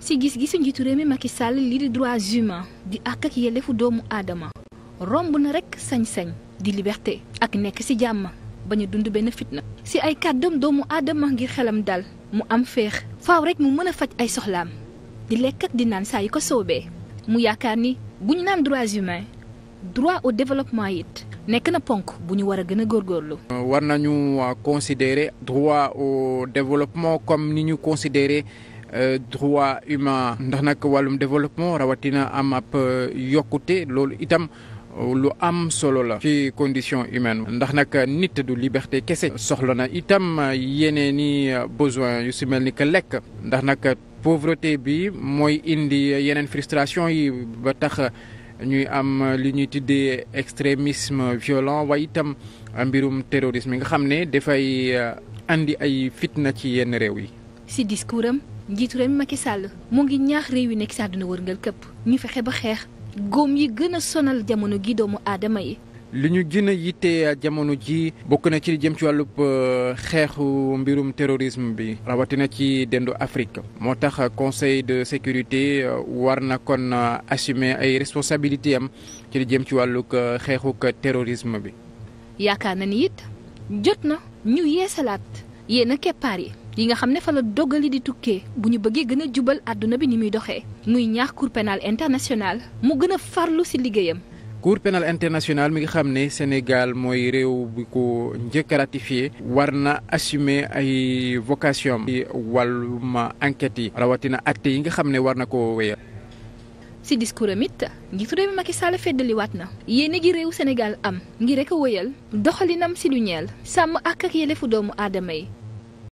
si gis-gisu njiitu réew mi ki Sall lii di droits humains di àq ak yelleefu doomu aadama romb na rekk sañ-sañ di liberté ak nekk ci jàmm bañ a dund benn fitna. si ay kàddoom doomu aadama ngir xelam dal mu am féex faw rekk mu mën a faj ay soxlaam di lekk ak di naan saa yu ko soobee mu yaakaar ni bu ñu naan droits humains droit au développement it. nekk na ponk bu ñu war a gën a góor góorgóorlu. war nañu considérer droit au développement comme ni ñu considérer Euh, droit humain ndax nag wàllum développement rawatina am ab euh, yokkute loolu itam euh, lu am solo la ci condition humaine ndax nag nit du liberté kese soxla na itam yeneen ni besoin yu si mel ni que lekk ndax nag pauvreté bi mooy indi yeneen frustration yi ba tax ñuy am li ñuy tuddee extrémisme violent waaye itam mbirum terrorisme yi nga xam ne dafay andi ay fitna ci yenn réew yi si discours am njiitu réew mi Macky Sall mu ngi ñaax réew yi nekk si àdduna wërngal këpp ñu fexe ba xeex góom yi gën a sonal jamono gi doomu aadama yi. li ñu gën a yitte jamono ji bokk na ci jëm ci wàllub euh, xeexu mbirum terrorisme bi rawatina ci dendu Afrique moo tax conseil de sécurité euh, war na kon euh, assumer ay responsabilités am ci li jëm ci wàllug xeexuk terrorisme bi. yaakaar na ni it jot na ñu yeesalaat yéen keppaar yi. yi nga xam ne fa la dogali di tukkee bu ñu bëggee gën a jubal àdduna bi ni muy doxee muy ñaax Cour pénale internationale mu gën a farlu ci liggéeyam. Cour pénale internationale mi nga xam ne Sénégal mooy réew bi ko njëkk a war na assumer ay vocation ci ma enquête yi rawatina acte yi nga xam ne war na ko wéyal. ci discours am it njiitu réew mi Macky Sall feddaliwaat na yéene gi réew Sénégal am ngir rek a wéyal doxalinam ci lu ñeel sàmm ak ak doomu aadama yi.